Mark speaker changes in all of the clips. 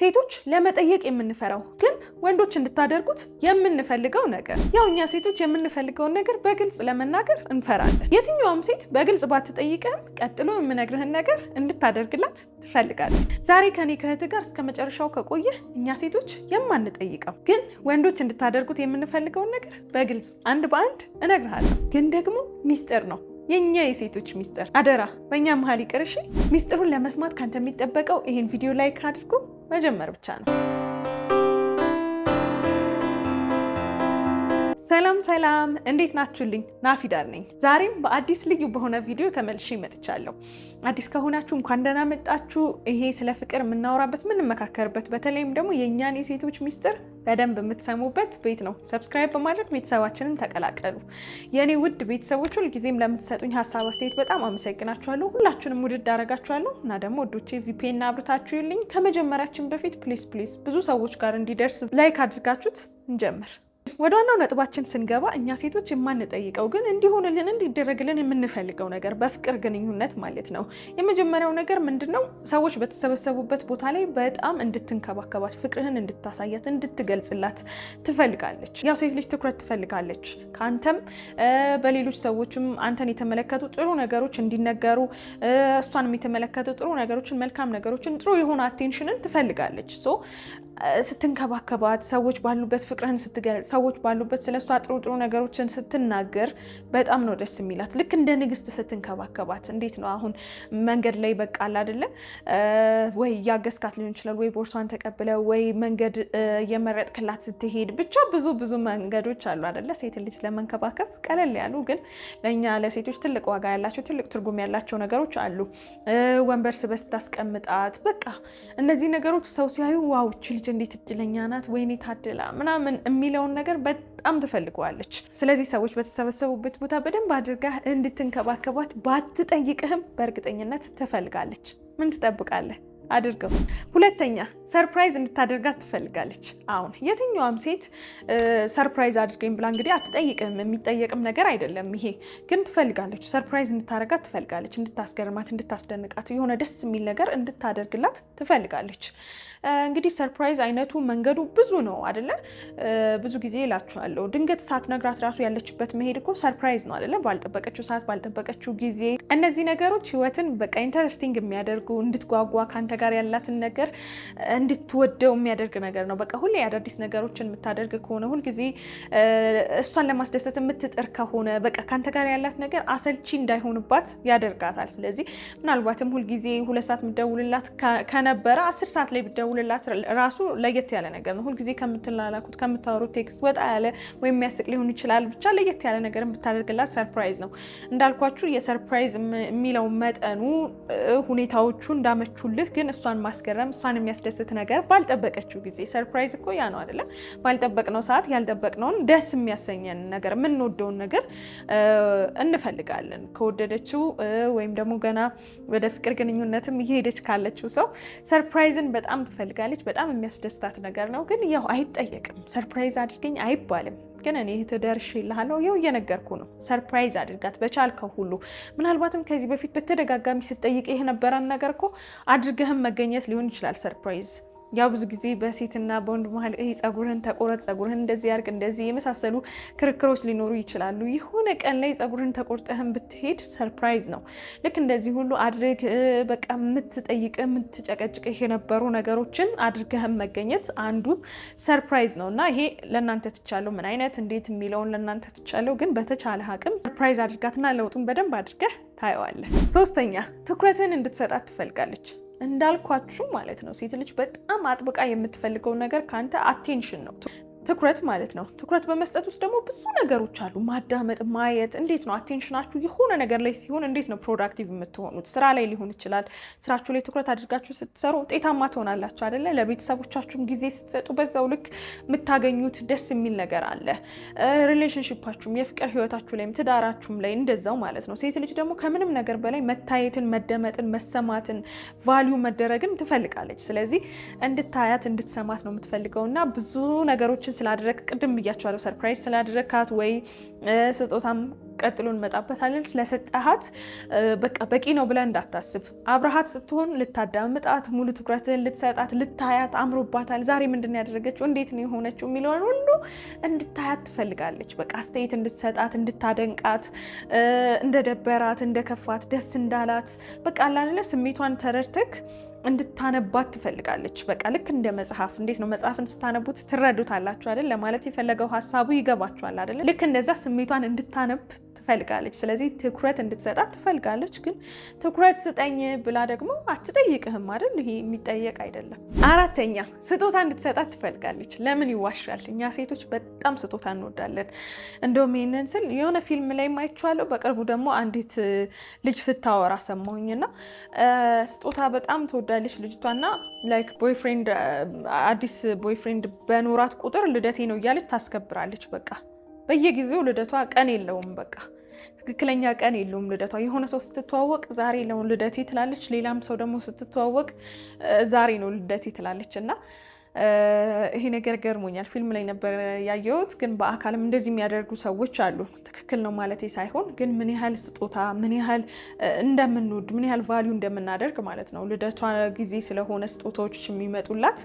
Speaker 1: ሴቶች ለመጠየቅ የምንፈራው ግን ወንዶች እንድታደርጉት የምንፈልገው ነገር። ያው እኛ ሴቶች የምንፈልገውን ነገር በግልጽ ለመናገር እንፈራለን። የትኛውም ሴት በግልጽ ባትጠይቅህም ቀጥሎ የምነግርህን ነገር እንድታደርግላት ትፈልጋለች። ዛሬ ከኔ ከእህት ጋር እስከ መጨረሻው ከቆየህ እኛ ሴቶች የማንጠይቀው ግን ወንዶች እንድታደርጉት የምንፈልገውን ነገር በግልጽ አንድ በአንድ እነግርሃለሁ። ግን ደግሞ ሚስጥር ነው የኛ የሴቶች ሚስጥር። አደራ በእኛ መሀል ይቅርሽ። ሚስጥሩን ለመስማት ካንተ የሚጠበቀው ይህን ቪዲዮ ላይክ አድርጎ መጀመር ብቻ ነው። ሰላም ሰላም፣ እንዴት ናችሁልኝ? ናፊዳር ነኝ። ዛሬም በአዲስ ልዩ በሆነ ቪዲዮ ተመልሼ መጥቻለሁ። አዲስ ከሆናችሁ እንኳን ደህና መጣችሁ። ይሄ ስለ ፍቅር የምናወራበት የምንመካከርበት፣ በተለይም ደግሞ የእኛን የሴቶች ሚስጥር በደንብ የምትሰሙበት ቤት ነው። ሰብስክራይብ በማድረግ ቤተሰባችንን ተቀላቀሉ። የእኔ ውድ ቤተሰቦች ሁልጊዜም ለምትሰጡኝ ሀሳብ አስተያየት በጣም አመሰግናችኋለሁ። ሁላችሁንም ውድድ አረጋችኋለሁ እና ደግሞ ወዶቼ ቪፒኤን አብርታችሁ ይልኝ ከመጀመሪያችን በፊት ፕሊስ ፕሊስ ብዙ ሰዎች ጋር እንዲደርስ ላይክ አድርጋችሁት እንጀምር። ወደ ዋናው ነጥባችን ስንገባ እኛ ሴቶች የማንጠይቀው ግን እንዲሆንልን እንዲደረግልን የምንፈልገው ነገር በፍቅር ግንኙነት ማለት ነው። የመጀመሪያው ነገር ምንድን ነው? ሰዎች በተሰበሰቡበት ቦታ ላይ በጣም እንድትንከባከባት፣ ፍቅርህን እንድታሳያት፣ እንድትገልጽላት ትፈልጋለች። ያው ሴት ልጅ ትኩረት ትፈልጋለች። ከአንተም በሌሎች ሰዎችም አንተን የተመለከቱ ጥሩ ነገሮች እንዲነገሩ፣ እሷንም የተመለከቱ ጥሩ ነገሮችን፣ መልካም ነገሮችን፣ ጥሩ የሆነ አቴንሽንን ትፈልጋለች። ስትንከባከባት፣ ሰዎች ባሉበት ፍቅርህን ስትገልጽ፣ ሰዎች ባሉበት ስለሷ ጥሩ ጥሩ ነገሮችን ስትናገር በጣም ነው ደስ የሚላት። ልክ እንደ ንግስት ስትንከባከባት። እንዴት ነው አሁን መንገድ ላይ በቃል አይደለ ወይ እያገዝካት ሊሆን ይችላል ወይ ቦርሷን ተቀብለ ወይ መንገድ እየመረጥክላት ስትሄድ፣ ብቻ ብዙ ብዙ መንገዶች አሉ አይደለ ሴት ልጅ ለመንከባከብ ቀለል ያሉ ግን ለእኛ ለሴቶች ትልቅ ዋጋ ያላቸው ትልቅ ትርጉም ያላቸው ነገሮች አሉ። ወንበር ስበህ ስታስቀምጣት፣ በቃ እነዚህ ነገሮች ሰው ሲያዩ ዋው ይች ልጅ እንዴት እድለኛ ናት ወይኔ ታድላ ምናምን የሚለውን ነገር በጣም ትፈልገዋለች። ስለዚህ ሰዎች በተሰበሰቡበት ቦታ በደንብ አድርጋ እንድትንከባከቧት ባትጠይቅህም በእርግጠኝነት ትፈልጋለች። ምን ትጠብቃለህ? አድርገው። ሁለተኛ ሰርፕራይዝ እንድታደርጋት ትፈልጋለች። አሁን የትኛዋም ሴት ሰርፕራይዝ አድርገኝ ብላ እንግዲህ አትጠይቅም፣ የሚጠየቅም ነገር አይደለም ይሄ። ግን ትፈልጋለች፣ ሰርፕራይዝ እንድታደርጋት ትፈልጋለች፣ እንድታስገርማት፣ እንድታስደንቃት፣ የሆነ ደስ የሚል ነገር እንድታደርግላት ትፈልጋለች። እንግዲህ ሰርፕራይዝ አይነቱ መንገዱ ብዙ ነው አደለ? ብዙ ጊዜ እላችኋለሁ፣ ድንገት ሳትነግራት ራሱ ያለችበት መሄድ እኮ ሰርፕራይዝ ነው አደለ? ባልጠበቀችው ሰዓት፣ ባልጠበቀችው ጊዜ። እነዚህ ነገሮች ህይወትን በቃ ኢንተረስቲንግ የሚያደርጉ እንድትጓጓ ከአንተ ጋር ያላትን ነገር እንድትወደው የሚያደርግ ነገር ነው። በቃ ሁሌ አዳዲስ ነገሮችን የምታደርግ ከሆነ ሁልጊዜ እሷን ለማስደሰት የምትጥር ከሆነ በቃ ከአንተ ጋር ያላት ነገር አሰልቺ እንዳይሆንባት ያደርጋታል። ስለዚህ ምናልባትም ሁልጊዜ ሁለት ሰዓት የምደውልላት ከነበረ አስር ሰዓት ላይ ብደውልላት ራሱ ለየት ያለ ነገር ነው። ሁልጊዜ ከምትላላኩት ከምታወሩት ቴክስት ወጣ ያለ ወይም የሚያስቅ ሊሆን ይችላል። ብቻ ለየት ያለ ነገር የምታደርግላት ሰርፕራይዝ ነው። እንዳልኳችሁ የሰርፕራይዝ የሚለው መጠኑ ሁኔታዎቹ እንዳመቹልህ ግን እሷን ማስገረም እሷን የሚያስደስት ነገር ባልጠበቀችው ጊዜ ሰርፕራይዝ እኮ ያ ነው አይደለም። ባልጠበቅነው ሰዓት ያልጠበቅነውን ደስ የሚያሰኘን ነገር የምንወደውን ነገር እንፈልጋለን። ከወደደችው ወይም ደግሞ ገና ወደ ፍቅር ግንኙነትም እየሄደች ካለችው ሰው ሰርፕራይዝን በጣም ትፈልጋለች። በጣም የሚያስደስታት ነገር ነው። ግን ያው አይጠየቅም። ሰርፕራይዝ አድርገኝ አይባልም። ግን እኔ እህት ደርሼልሃለሁ፣ ይኸው እየነገርኩ ነው። ሰርፕራይዝ አድርጋት በቻልከው ሁሉ። ምናልባትም ከዚህ በፊት በተደጋጋሚ ስጠይቅ ይህ ነበረን ነገር እኮ አድርገህም መገኘት ሊሆን ይችላል ሰርፕራይዝ ያው ብዙ ጊዜ በሴትና በወንድ መሀል ፀጉርህን ተቆረጥ፣ ፀጉርህን እንደዚህ ያርግ፣ እንደዚህ የመሳሰሉ ክርክሮች ሊኖሩ ይችላሉ። የሆነ ቀን ላይ ፀጉርህን ተቆርጠህን ብትሄድ ሰርፕራይዝ ነው። ልክ እንደዚህ ሁሉ አድርግ በቃ የምትጠይቅህ የምትጨቀጭቅህ የነበሩ ነገሮችን አድርገህን መገኘት አንዱ ሰርፕራይዝ ነው እና ይሄ ለእናንተ ትቻለው ምን አይነት እንዴት የሚለውን ለእናንተ ትቻለው። ግን በተቻለ አቅም ሰርፕራይዝ አድርጋትና ለውጡን በደንብ አድርገህ ታየዋለህ። ሶስተኛ ትኩረትን እንድትሰጣት ትፈልጋለች። እንዳልኳችሁ ማለት ነው ሴት ልጅ በጣም አጥብቃ የምትፈልገው ነገር ከአንተ አቴንሽን ነው። ትኩረት ማለት ነው። ትኩረት በመስጠት ውስጥ ደግሞ ብዙ ነገሮች አሉ። ማዳመጥ፣ ማየት። እንዴት ነው አቴንሽናችሁ የሆነ ነገር ላይ ሲሆን እንዴት ነው ፕሮዳክቲቭ የምትሆኑት? ስራ ላይ ሊሆን ይችላል። ስራችሁ ላይ ትኩረት አድርጋችሁ ስትሰሩ ውጤታማ ትሆናላችሁ አይደለ? ለቤተሰቦቻችሁም ጊዜ ስትሰጡ በዛው ልክ የምታገኙት ደስ የሚል ነገር አለ። ሪሌሽንሽፓችሁም፣ የፍቅር ህይወታችሁ ላይም፣ ትዳራችሁም ላይ እንደዛው ማለት ነው። ሴት ልጅ ደግሞ ከምንም ነገር በላይ መታየትን፣ መደመጥን፣ መሰማትን፣ ቫሊዩ መደረግን ትፈልጋለች። ስለዚህ እንድታያት እንድትሰማት ነው የምትፈልገው እና ብዙ ነገሮችን ስላደረግ ቅድም ብያቸዋለሁ፣ ሰርፕራይዝ ስላደረግካት ወይ ስጦታም ቀጥሎ እንመጣበታለን ስለሰጠሃት በቃ በቂ ነው ብለን እንዳታስብ። አብረሃት ስትሆን ልታዳምጣት፣ ሙሉ ትኩረትን ልትሰጣት፣ ልታያት፣ አምሮባታል፣ ዛሬ ምንድን ያደረገችው፣ እንዴት ነው የሆነችው የሚለውን ሁሉ እንድታያት ትፈልጋለች። በቃ አስተያየት እንድትሰጣት፣ እንድታደንቃት፣ እንደደበራት፣ እንደከፋት፣ ደስ እንዳላት በቃ አላለ ስሜቷን ተረድተክ እንድታነባት ትፈልጋለች። በቃ ልክ እንደ መጽሐፍ እንዴት ነው መጽሐፍን ስታነቡት ትረዱታላችሁ አይደል? ለማለት የፈለገው ሀሳቡ ይገባችኋል አይደለ? ልክ እንደዛ ስሜቷን እንድታነብ ትፈልጋለች። ስለዚህ ትኩረት እንድትሰጣት ትፈልጋለች። ግን ትኩረት ስጠኝ ብላ ደግሞ አትጠይቅህም አይደል? ይሄ የሚጠየቅ አይደለም። አራተኛ ስጦታ እንድትሰጣት ትፈልጋለች። ለምን ይዋሻል? እኛ ሴቶች በጣም ስጦታ እንወዳለን። እንደውም ይህንን ስል የሆነ ፊልም ላይ ማይቸዋለሁ። በቅርቡ ደግሞ አንዲት ልጅ ስታወራ ሰማሁኝና ስጦታ በጣም ትወዳለች ልጅቷና ላይክ ቦይፍሬንድ አዲስ ቦይፍሬንድ በኖራት ቁጥር ልደቴ ነው እያለች ታስከብራለች። በቃ በየጊዜው ልደቷ ቀን የለውም በቃ ትክክለኛ ቀን የለውም ልደቷ። የሆነ ሰው ስትተዋወቅ ዛሬ ነው ልደቴ ትላለች፣ ሌላም ሰው ደግሞ ስትተዋወቅ ዛሬ ነው ልደቴ ትላለች እና ይሄ ነገር ገርሞኛል። ፊልም ላይ ነበር ያየሁት፣ ግን በአካልም እንደዚህ የሚያደርጉ ሰዎች አሉ። ትክክል ነው ማለት ሳይሆን ግን ምን ያህል ስጦታ ምን ያህል እንደምንወድ ምን ያህል ቫሊዩ እንደምናደርግ ማለት ነው። ልደቷ ጊዜ ስለሆነ ስጦታዎች የሚመጡላት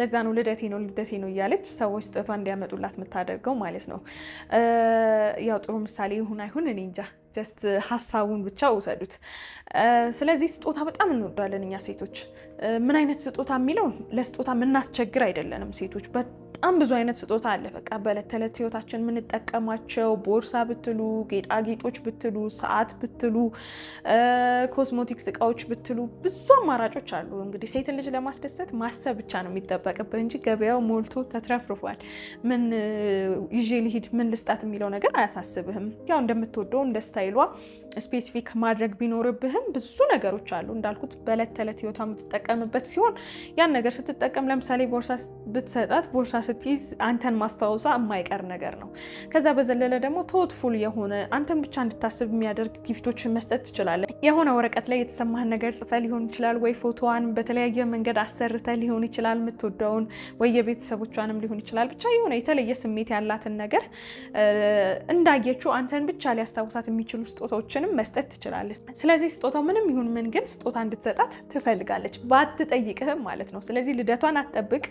Speaker 1: ለዛ ነው ልደቴ ነው ልደቴ ነው እያለች ሰዎች ስጠቷ እንዲያመጡላት የምታደርገው ማለት ነው። ያው ጥሩ ምሳሌ ይሁን አይሁን እኔ እንጃ፣ ጀስት ሀሳቡን ብቻ ውሰዱት። ስለዚህ ስጦታ በጣም እንወዳለን እኛ ሴቶች። ምን አይነት ስጦታ የሚለው ለስጦታ የምናስቸግር አይደለንም ሴቶች በጣም ብዙ አይነት ስጦታ አለ። በቃ በዕለት ተዕለት ህይወታችን የምንጠቀማቸው ቦርሳ ብትሉ፣ ጌጣጌጦች ብትሉ፣ ሰዓት ብትሉ፣ ኮስሞቲክስ እቃዎች ብትሉ ብዙ አማራጮች አሉ። እንግዲህ ሴትን ልጅ ለማስደሰት ማሰብ ብቻ ነው የሚጠበቅብህ እንጂ ገበያው ሞልቶ ተትረፍርፏል። ምን ይዤ ልሂድ፣ ምን ልስጣት የሚለው ነገር አያሳስብህም። ያው እንደምትወደው እንደ ስታይሏ ስፔሲፊክ ማድረግ ቢኖርብህም ብዙ ነገሮች አሉ። እንዳልኩት በዕለት ተዕለት ህይወቷ የምትጠቀምበት ሲሆን ያን ነገር ስትጠቀም ለምሳሌ ቦርሳ ብትሰጣት ቦርሳ ስትይዝ አንተን ማስታወሷ የማይቀር ነገር ነው። ከዛ በዘለለ ደግሞ ቶትፉል የሆነ አንተን ብቻ እንድታስብ የሚያደርግ ጊፍቶችን መስጠት ትችላለህ። የሆነ ወረቀት ላይ የተሰማህን ነገር ጽፈ ሊሆን ይችላል፣ ወይ ፎቶዋን በተለያየ መንገድ አሰርተ ሊሆን ይችላል፣ የምትወደውን ወይ የቤተሰቦቿንም ሊሆን ይችላል። ብቻ የሆነ የተለየ ስሜት ያላትን ነገር እንዳየችው አንተን ብቻ ሊያስታውሳት የሚችሉ ስጦታዎችንም መስጠት ትችላለች። ስለዚህ ስጦታው ምንም ይሁን ምን ግን ስጦታ እንድትሰጣት ትፈልጋለች፣ ባትጠይቅህም ማለት ነው። ስለዚህ ልደቷን አትጠብቅ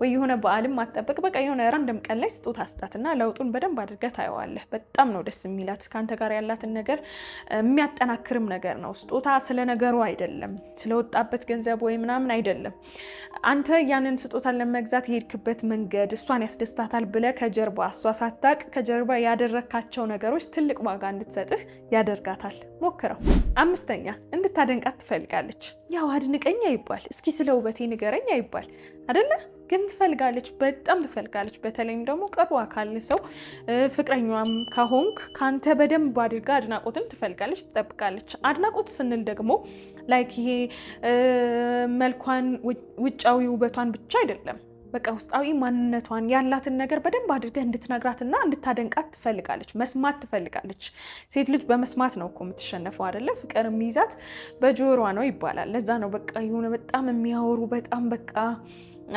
Speaker 1: ወይ የሆነ በዓልም አትጠብቅ ሳትጠብቅ በቃ የሆነ ራንደም ቀን ላይ ስጦታ ስጣትና ለውጡን በደንብ አድርገህ ታየዋለህ። በጣም ነው ደስ የሚላት። ከአንተ ጋር ያላትን ነገር የሚያጠናክርም ነገር ነው። ስጦታ ስለ ነገሩ አይደለም፣ ስለወጣበት ገንዘብ ወይ ምናምን አይደለም። አንተ ያንን ስጦታን ለመግዛት የሄድክበት መንገድ እሷን ያስደስታታል ብለህ ከጀርባ እሷ ሳታቅ ከጀርባ ያደረካቸው ነገሮች ትልቅ ዋጋ እንድትሰጥህ ያደርጋታል። ሞክረው። አምስተኛ እንድታደንቃት ትፈልጋለች። ያው አድንቀኝ አይባል፣ እስኪ ስለ ውበቴ ንገረኝ አይባል አደለ? ግን ትፈልጋለች፣ በጣም ትፈልጋለች። በተለይም ደግሞ ቀሩ አካል ሰው ፍቅረኛዋም ከሆንክ ከአንተ በደንብ አድርጋ አድናቆትን ትፈልጋለች፣ ትጠብቃለች። አድናቆት ስንል ደግሞ ላይክ ይሄ መልኳን፣ ውጫዊ ውበቷን ብቻ አይደለም። በቃ ውስጣዊ ማንነቷን ያላትን ነገር በደንብ አድርገህ እንድትነግራትና እንድታደንቃት ትፈልጋለች። መስማት ትፈልጋለች። ሴት ልጅ በመስማት ነው እኮ የምትሸነፈው አይደለ? ፍቅር የሚይዛት በጆሮዋ ነው ይባላል። ለዛ ነው በቃ የሆነ በጣም የሚያወሩ በጣም በቃ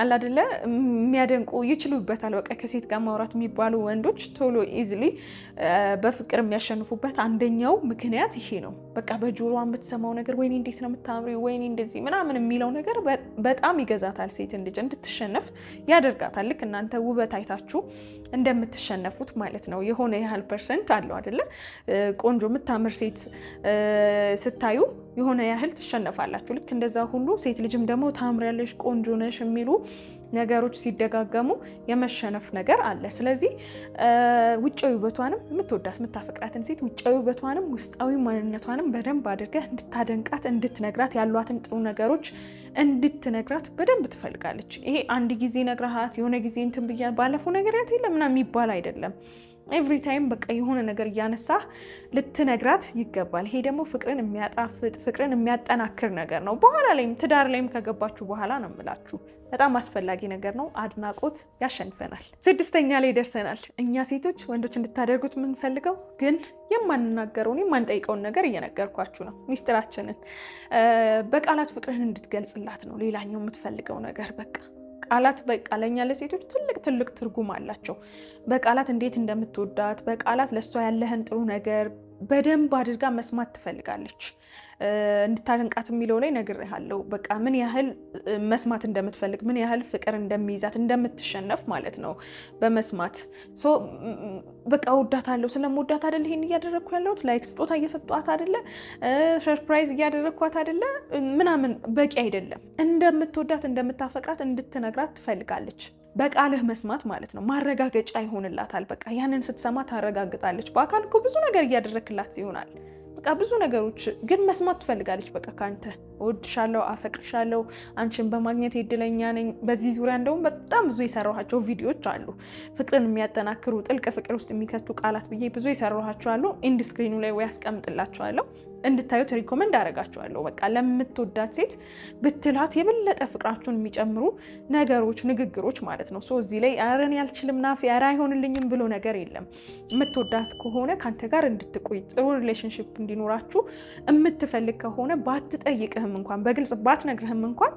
Speaker 1: አለ አይደለ የሚያደንቁ ይችሉበታል። በቃ ከሴት ጋር ማውራት የሚባሉ ወንዶች ቶሎ ኢዝሊ በፍቅር የሚያሸንፉበት አንደኛው ምክንያት ይሄ ነው። በቃ በጆሮዋ የምትሰማው ነገር ወይኔ እንዴት ነው የምታምሪ፣ ወይኔ እንደዚህ ምናምን የሚለው ነገር በጣም ይገዛታል። ሴትን ልጅ እንድትሸነፍ ያደርጋታል። ልክ እናንተ ውበት አይታችሁ እንደምትሸነፉት ማለት ነው። የሆነ ያህል ፐርሰንት አለው አይደለ? ቆንጆ የምታምር ሴት ስታዩ የሆነ ያህል ትሸነፋላችሁ። ልክ እንደዛ ሁሉ ሴት ልጅም ደግሞ ታምሪያለሽ፣ ቆንጆ ነሽ የሚሉ ነገሮች ሲደጋገሙ የመሸነፍ ነገር አለ። ስለዚህ ውጫዊ ውበቷንም የምትወዳት የምታፈቅራትን ሴት ውጫዊ ውበቷንም ውስጣዊ ማንነቷንም በደንብ አድርገህ እንድታደንቃት፣ እንድትነግራት፣ ያሏትን ጥሩ ነገሮች እንድትነግራት በደንብ ትፈልጋለች። ይሄ አንድ ጊዜ ነግረሃት የሆነ ጊዜ እንትን ብያ ባለፈው ነገር ያት የለምና የሚባል አይደለም። ኤቭሪ ታይም በቃ የሆነ ነገር እያነሳ ልትነግራት ይገባል። ይሄ ደግሞ ፍቅርን የሚያጣፍጥ ፍቅርን የሚያጠናክር ነገር ነው። በኋላ ላይም ትዳር ላይም ከገባችሁ በኋላ ነው የምላችሁ። በጣም አስፈላጊ ነገር ነው። አድናቆት ያሸንፈናል። ስድስተኛ ላይ ደርሰናል። እኛ ሴቶች ወንዶች እንድታደርጉት የምንፈልገው ግን የማንናገረውን የማንጠይቀውን ነገር እየነገርኳችሁ ነው። ሚስጥራችንን በቃላት ፍቅርህን እንድትገልጽላት ነው ሌላኛው የምትፈልገው ነገር በቃ ቃላት በቃ ለእኛ ለሴቶች ትልቅ ትልቅ ትርጉም አላቸው። በቃላት እንዴት እንደምትወዳት፣ በቃላት ለእሷ ያለህን ጥሩ ነገር በደንብ አድርጋ መስማት ትፈልጋለች። እንድታደንቃት የሚለው ላይ ነግሬሃለሁ። በቃ ምን ያህል መስማት እንደምትፈልግ ምን ያህል ፍቅር እንደሚይዛት እንደምትሸነፍ ማለት ነው በመስማት በቃ እወዳታለሁ። ስለምወዳት አይደለ ይሄን እያደረግኩ ያለሁት ላይክ ስጦታ እየሰጧት አይደለ ሰርፕራይዝ እያደረግኳት አይደለ ምናምን በቂ አይደለም። እንደምትወዳት እንደምታፈቅራት እንድትነግራት ትፈልጋለች። በቃልህ መስማት ማለት ነው። ማረጋገጫ ይሆንላታል። በቃ ያንን ስትሰማ ታረጋግጣለች። በአካል እኮ ብዙ ነገር እያደረክላት ይሆናል በቃ ብዙ ነገሮች ግን መስማት ትፈልጋለች። በቃ ከአንተ እወድሻለሁ፣ አፈቅርሻለሁ፣ አንቺን በማግኘት እድለኛ ነኝ። በዚህ ዙሪያ እንደውም በጣም ብዙ የሰራኋቸው ቪዲዮዎች አሉ፣ ፍቅርን የሚያጠናክሩ ጥልቅ ፍቅር ውስጥ የሚከቱ ቃላት ብዬ ብዙ የሰራኋቸው አሉ። ኢንድ ስክሪኑ ላይ ወይ ያስቀምጥላቸዋለሁ፣ እንድታዩት ሪኮመንድ አደርጋቸዋለሁ። በቃ ለምትወዳት ሴት ብትላት የበለ የበለጠ ፍቅራችሁን የሚጨምሩ ነገሮች፣ ንግግሮች ማለት ነው። እዚህ ላይ ኧረ እኔ አልችልም ናፊ፣ ኧረ አይሆንልኝም ብሎ ነገር የለም። የምትወዳት ከሆነ ከአንተ ጋር እንድትቆይ ጥሩ ሪሌሽንሽፕ እንዲኖራችሁ የምትፈልግ ከሆነ ባትጠይቅህም እንኳን በግልጽ ባትነግርህም እንኳን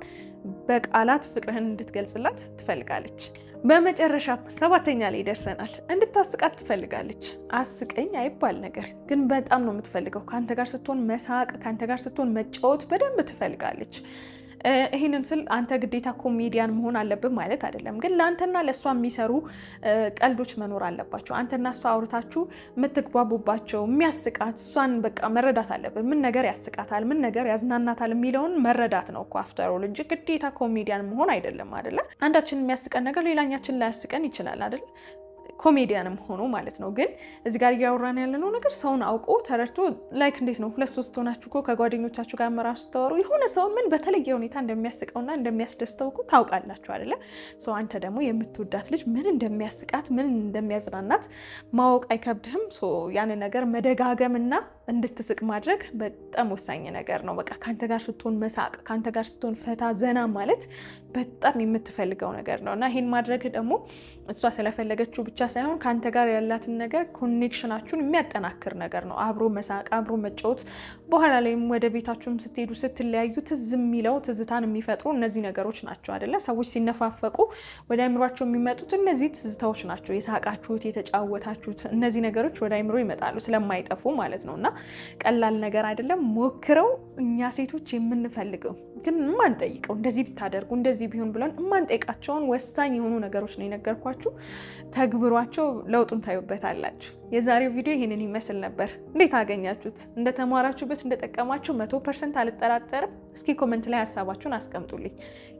Speaker 1: በቃላት ፍቅርህን እንድትገልጽላት ትፈልጋለች። በመጨረሻ ሰባተኛ ላይ ደርሰናል። እንድታስቃት ትፈልጋለች። አስቀኝ አይባል ነገር ግን በጣም ነው የምትፈልገው። ከአንተ ጋር ስትሆን መሳቅ፣ ከአንተ ጋር ስትሆን መጫወት በደንብ ትፈልጋለች። ይህንን ስል አንተ ግዴታ ኮሜዲያን መሆን አለብን ማለት አይደለም፣ ግን ለአንተና ለእሷ የሚሰሩ ቀልዶች መኖር አለባቸው። አንተና እሷ አውርታችሁ የምትግባቡባቸው የሚያስቃት እሷን በቃ መረዳት አለብን። ምን ነገር ያስቃታል፣ ምን ነገር ያዝናናታል የሚለውን መረዳት ነው እኮ አፍተሮል እንጂ ግዴታ ኮሜዲያን መሆን አይደለም አደለ አንዳችን የሚያስቀን ነገር ሌላኛችን ላያስቀን ይችላል አይደል? ኮሜዲያንም ሆኖ ማለት ነው። ግን እዚ ጋር እያወራን ያለነው ነገር ሰውን አውቆ ተረድቶ ላይክ እንዴት ነው ሁለት ሶስት ሆናችሁ እኮ ከጓደኞቻችሁ ጋር መራሱ ስታወሩ የሆነ ሰውን ምን በተለየ ሁኔታ እንደሚያስቀውና እንደሚያስደስተው እኮ ታውቃላችሁ አይደለ? ሰው አንተ ደግሞ የምትወዳት ልጅ ምን እንደሚያስቃት ምን እንደሚያዝናናት ማወቅ አይከብድህም። ያንን ነገር መደጋገምና እንድትስቅ ማድረግ በጣም ወሳኝ ነገር ነው። በቃ ከአንተ ጋር ስትሆን መሳቅ፣ ከአንተ ጋር ስትሆን ፈታ ዘና ማለት በጣም የምትፈልገው ነገር ነው እና ይህን ማድረግ ደግሞ እሷ ስለፈለገችው ብቻ ሳይሆን ከአንተ ጋር ያላትን ነገር ኮኔክሽናችሁን የሚያጠናክር ነገር ነው። አብሮ መሳቅ፣ አብሮ መጫወት፣ በኋላ ላይም ወደ ቤታችሁም ስትሄዱ ስትለያዩ ትዝ የሚለው ትዝታን የሚፈጥሩ እነዚህ ነገሮች ናቸው አይደለ? ሰዎች ሲነፋፈቁ ወደ አይምሯቸው የሚመጡት እነዚህ ትዝታዎች ናቸው። የሳቃችሁት፣ የተጫወታችሁት እነዚህ ነገሮች ወደ አይምሮ ይመጣሉ ስለማይጠፉ ማለት ነው። እና ቀላል ነገር አይደለም። ሞክረው። እኛ ሴቶች የምንፈልገው ግን የማንጠይቀው እንደዚህ ብታደርጉ እንደዚህ ቢሆን ብለን የማንጠይቃቸውን ወሳኝ የሆኑ ነገሮች ነው የነገርኳችሁ ተግብሯ ኑሯቸው ለውጡን ታዩበታላችሁ። የዛሬው ቪዲዮ ይህንን ይመስል ነበር። እንዴት አገኛችሁት? እንደተማራችሁበት እንደጠቀማችሁ መቶ ፐርሰንት አልጠራጠርም። እስኪ ኮመንት ላይ ሀሳባችሁን አስቀምጡልኝ።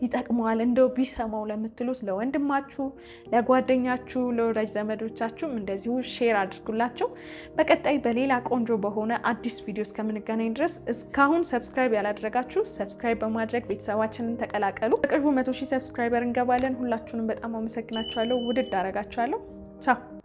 Speaker 1: ይጠቅመዋል እንደው ቢሰማው ለምትሉት ለወንድማችሁ፣ ለጓደኛችሁ፣ ለወዳጅ ዘመዶቻችሁም እንደዚሁ ሼር አድርጉላቸው። በቀጣይ በሌላ ቆንጆ በሆነ አዲስ ቪዲዮ እስከምንገናኝ ድረስ እስካሁን ሰብስክራይብ ያላደረጋችሁ ሰብስክራይብ በማድረግ ቤተሰባችንን ተቀላቀሉ። በቅርቡ መቶ ሺህ ሰብስክራይበር እንገባለን። ሁላችሁንም በጣም አመሰግናችኋለሁ። ውድድ አረጋችኋለሁ። 唱。